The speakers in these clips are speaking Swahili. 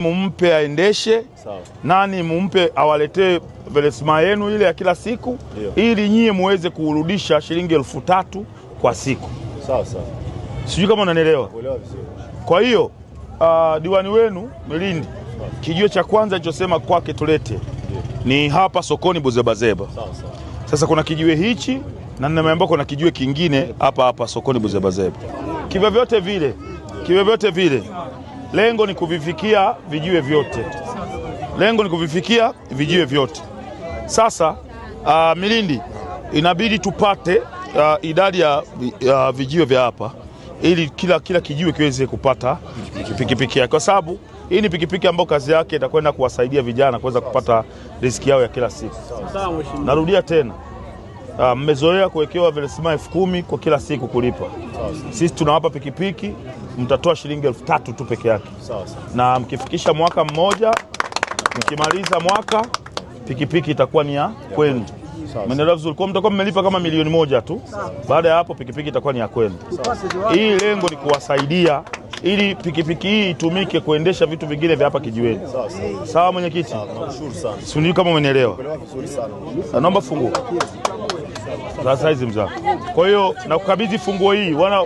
mumpe aendeshe Nani mumpe awaletee velesima yenu ile ya kila siku Dio. ili nyie muweze kurudisha shilingi elfu tatu kwa siku sawa, sawa. Sijui kama unanielewa. Kwa hiyo uh, diwani wenu Milindi kijio cha kwanza alichosema kwake tulete ni hapa sokoni Buzebazeba Sasa kuna kijiwe hichi na nimeambia kuna kijiwe kingine hapa hapa sokoni Buzebazeba, kivyovyote vile, kivyovyote vile Lengo ni kuvifikia vijiwe vyote, lengo ni kuvifikia vijiwe vyote. Sasa uh, Milindi inabidi tupate uh, idadi ya uh, vijiwe vya hapa ili kila, kila kijiwe kiweze kupata pikipiki yake, kwa sababu hii ni pikipiki ambayo kazi yake itakwenda kuwasaidia vijana kuweza kupata riziki yao ya kila siku. Narudia tena Ah, mmezoea uh, kuwekewa velesima elfu kumi kwa kila siku kulipa. Sisi tunawapa pikipiki, mtatoa shilingi elfu tatu tu peke yake, na mkifikisha mwaka mmoja, mkimaliza mwaka pikipiki itakuwa ni ya kwenu. Mnaelewa vizuri, kwa mtakuwa mmelipa kama milioni moja tu. Baada ya hapo pikipiki itakuwa ni ya kwenu. Hii lengo ni kuwasaidia ili pikipiki hii itumike kuendesha vitu vingine vya hapa kijiweni. Sawa mwenyekiti, si kama umenielewa? Naomba funguo za saizi mzao. Kwa hiyo nakukabidhi funguo hii. Wana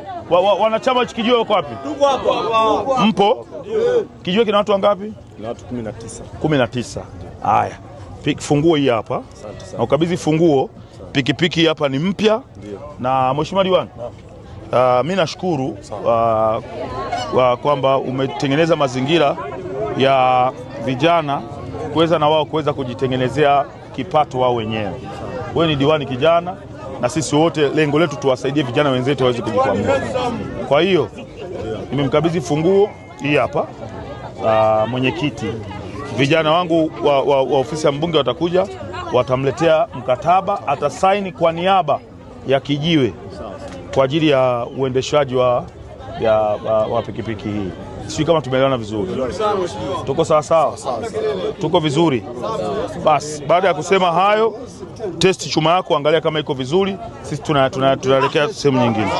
wanachama wa, kijue wako wapi? Mpo? Kijue kina watu wangapi? Kina watu 19. tisa. Haya. Funguo hii hapa. Nakukabidhi funguo. Pikipiki hapa ni mpya. Na mheshimiwa diwani. Uh, mi nashukuru uh, uh, kwamba umetengeneza mazingira ya vijana kuweza na wao kuweza kujitengenezea kipato wao wenyewe wewe ni diwani kijana, na sisi wote lengo letu tuwasaidie vijana wenzetu waweze kujikwamua. Kwa hiyo nimemkabidhi funguo hii hapa ah, mwenyekiti. Vijana wangu wa, wa, wa ofisi ya mbunge watakuja, watamletea mkataba, atasaini kwa niaba ya kijiwe kwa ajili ya uendeshaji wa, wa, wa pikipiki hii. Sijui kama tumeelewana vizuri, tuko sawa sawa, tuko vizuri. Basi baada ya kusema hayo, testi chuma yako, angalia kama iko vizuri. Sisi tunaelekea tuna, tuna, tuna sehemu nyingine.